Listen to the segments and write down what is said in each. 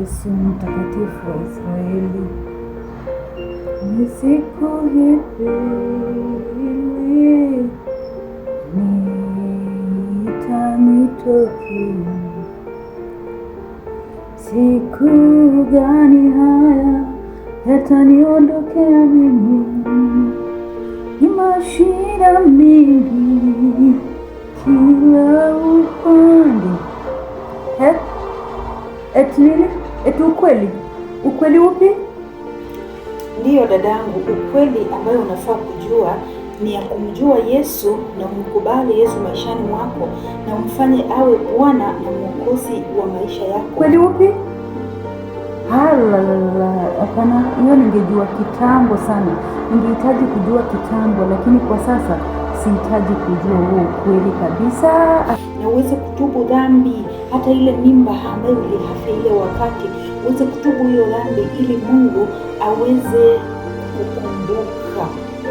Yesu mtakatifu wa Israeli, ni siku ipi itanitokea? Siku gani haya yataniondokea mimi? Ni mashida mingi kila Eti ukweli? Ukweli upi? Ndiyo dadangu, ukweli ambayo unafaa kujua ni ya kumjua Yesu na umkubali Yesu maishani mwako na umfanye awe Bwana na Mwokozi wa maisha yako. Kweli upi? Halalala, hapana, hiyo ningejua kitambo sana, ningehitaji kujua kitambo, lakini kwa sasa sihitaji kujua huo ukweli kabisa na uweze kutubu dhambi, hata ile mimba ambayo ulihafya ile wakati uweze kutubu hiyo dhambi, ili Mungu aweze kukumbuka.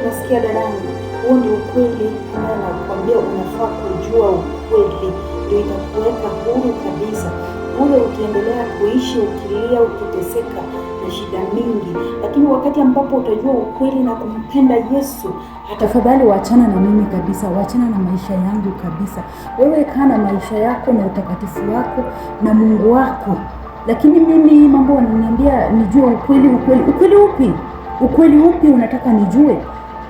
Nasikia dadangu, huo ndio ukweli ambao nakwambia, unafaa kujua ukweli, ndio itakuweka huru kabisa. Ule ukiendelea kuishi ukilia, ukiteseka shida mingi, lakini wakati ambapo utajua ukweli na kumpenda Yesu, tafadhali waachana na mimi kabisa, waachana na maisha yangu kabisa. Wewe kaa na maisha yako na utakatifu wako na Mungu wako, lakini mimi mambo wananiambia nijue ukweli. Ukweli ukweli upi? Ukweli upi unataka nijue?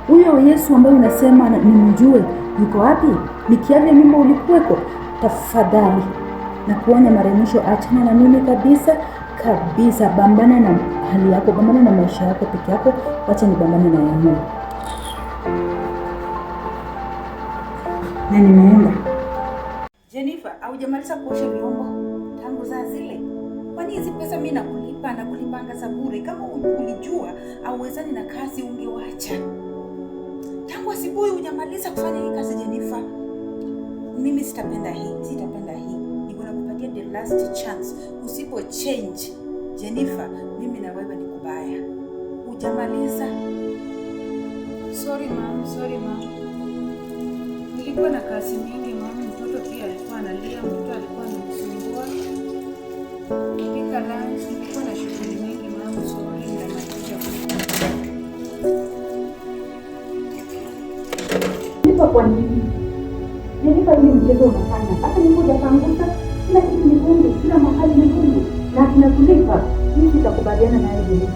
Huyo Yesu ambaye unasema nimjue yuko wapi? Nikiavya mimba ulikuweko? Tafadhali na kuonya mara mwisho, achana na mimi kabisa kabisa, bambana na hali yako, bambana na maisha yako peke yako, wacha bambana na yangu. Na nimeenda. Jennifer, haujamaliza kuosha vyombo tangu saa zile? Kwani hizi pesa mimi nakulipa na kulipanga sabure, kama ulijua auwezani na kazi ungewacha tangu asubuhi. Hujamaliza kufanya hii kazi Jennifer. Mimi sitapenda hii, sitapenda hii upange the last chance. Usipo change Jennifer, mimi na wewe ni kubaya, hujamaliza. Sorry mom, sorry mom, nilikuwa na kazi mingi mom. Mtoto pia alikuwa analia, mtoto alikuwa anamsumbua kupika lunch, nilikuwa na shughuli nyingi mom, sorry kwa nini? Jennifer, hii mchezo unafanya hata nikuja pangusa kila kitu ni Mungu, kila mahali ni Mungu na kinatulipa sisi, tutakubaliana na yeye.